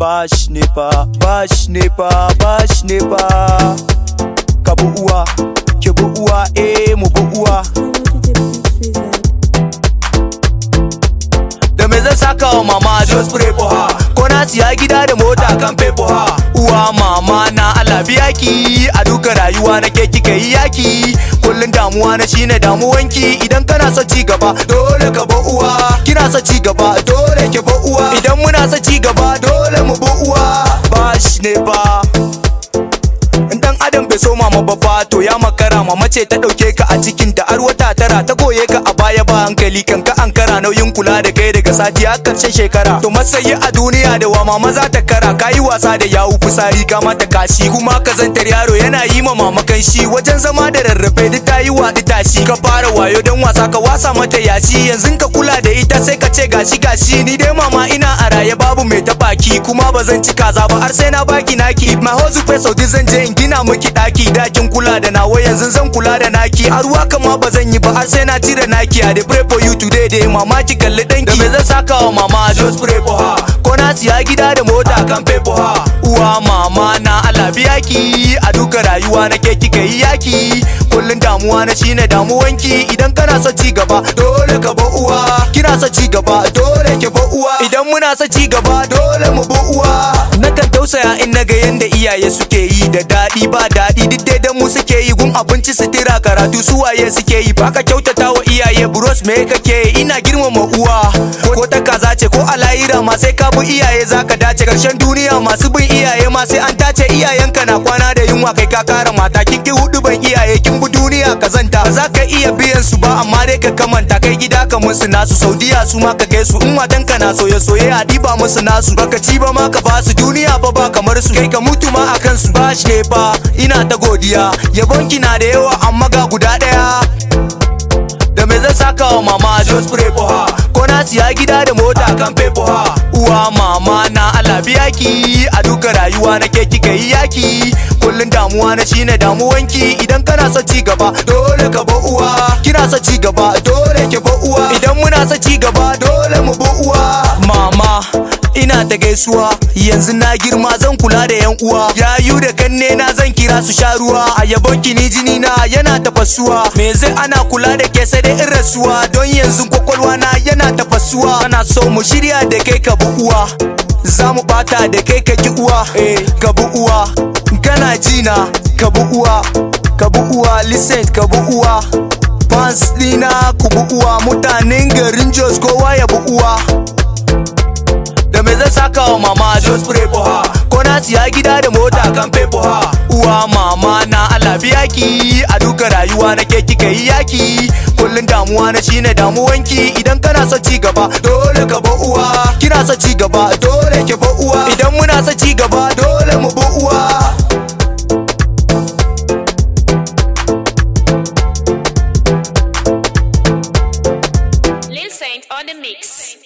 bash ne fa bash ne fa bash ne fa ka bu uwa ke bu uwa eh mu bu uwa da me zan saka wa mama just pray for her ko na siya gida da mota kan pay for her uwa mama na Allah biya ki a duka rayuwa na ke kika yi yaki kullun damuwa na shine damuwanki idan kana son ci gaba dole ka ba uwa kina son ci gaba dole ke ba uwa idan muna son ci gaba dole dole mu buwa uwa ba shi ne ba in dan adam bai so mama ba to ya dama mama ce ta ɗauke ka a cikin ta ar wata tara ta koye ka a baya ba hankali kan ka ankara nauyin kula da kai daga sati har ƙarshen shekara to masayi a duniya da wa mama za ta kara ka yi wasa da yawu fusari ka mata kashi kuma ka zantar yaro yana yi ma mama shi wajen zama da rarrafe duk ta yi waɗi tashi ka fara wayo don wasa ka wasa mata yashi yanzu ka kula da ita sai ka ce gashi gashi ni dai mama ina a raye babu mai ta baki kuma ba zan ci kaza ba har sai na baki naki ma hozu face so zan je in gina miki ɗaki. dakin kula da nawa yanzu zan kula da naki har ruwa kama ba zan yi ba har sai na cire naki a dey pray for you today dey mama ki kalli danki da me zan saka wa mama just pray for her ko na siya gida da mota kan pay for her uwa mama na Allah biya ki a duka rayuwa na ke kika yi yaki kullun damuwa na shine damuwanki idan kana son ci gaba dole ka bo uwa kina son ci gaba dole ki bo uwa idan muna son ci gaba dole mu bo uwa nakan tausaya in naga yanda iyaye suke yi da daɗi ba daɗi duk dai dan mu suke abinci su sitira karatu suwaye suke yi ba ka kyautata wa iyaye bros me kake ina girmama uwa ko ta kaza ce ko alayira ma sai ka bi iyaye zaka dace karshen duniya masu bin iyaye ma sai an tace iyayenka na kwana da yunwa kai ka kara mata kin ki hudu ban iyaye kin bi duniya kazanta za ka iya biyan su ba amma dai ka kamanta kai gida ka musu nasu saudiya su ma ka kai su in matanka na soye soye a diba musu nasu baka ci ba ma ka basu duniya ba ba kamar su kai ka mutu ma akan su bashi ne ba ina ta godiya ki na da yawa amma ga guda ɗaya da me zan saka wa mama just pray for her ko na siya gida da mota kan pay for her uwa mama na Allah biya ki a duka rayuwa na ke kika yi yaki kullun damuwa na shine damuwanki idan kana son ci gaba dole ka ba uwa kina son ci gaba dole ki ba uwa idan muna son ci gaba dole mu ba uwa da gaisuwa yanzu na girma zan kula da yan uwa yayu da kanne na zan kira su sha ruwa a yabon kini jini na yana tafasuwa me zai ana kula da ke sai in rasuwa don yanzu kwakwalwa na yana tafasuwa ana so mu shirya da kai ka bi uwa za mu bata da kai ka ki uwa eh ka bi uwa kana jina ka bi uwa ka bi uwa listen ka bi fans dina ku mutanen garin Jos kowa ya bi uwa da me zan saka wa mama don spray for her ko na siya gida da mota kan pay for her uwa mama na Allah biya ki a duka rayuwa na ke kika yi yaki kullun damuwa na shine damuwanki idan kana son ci gaba dole ka ba uwa kina son ci gaba dole ki bo uwa idan muna son ci gaba dole mu ba uwa on the mix.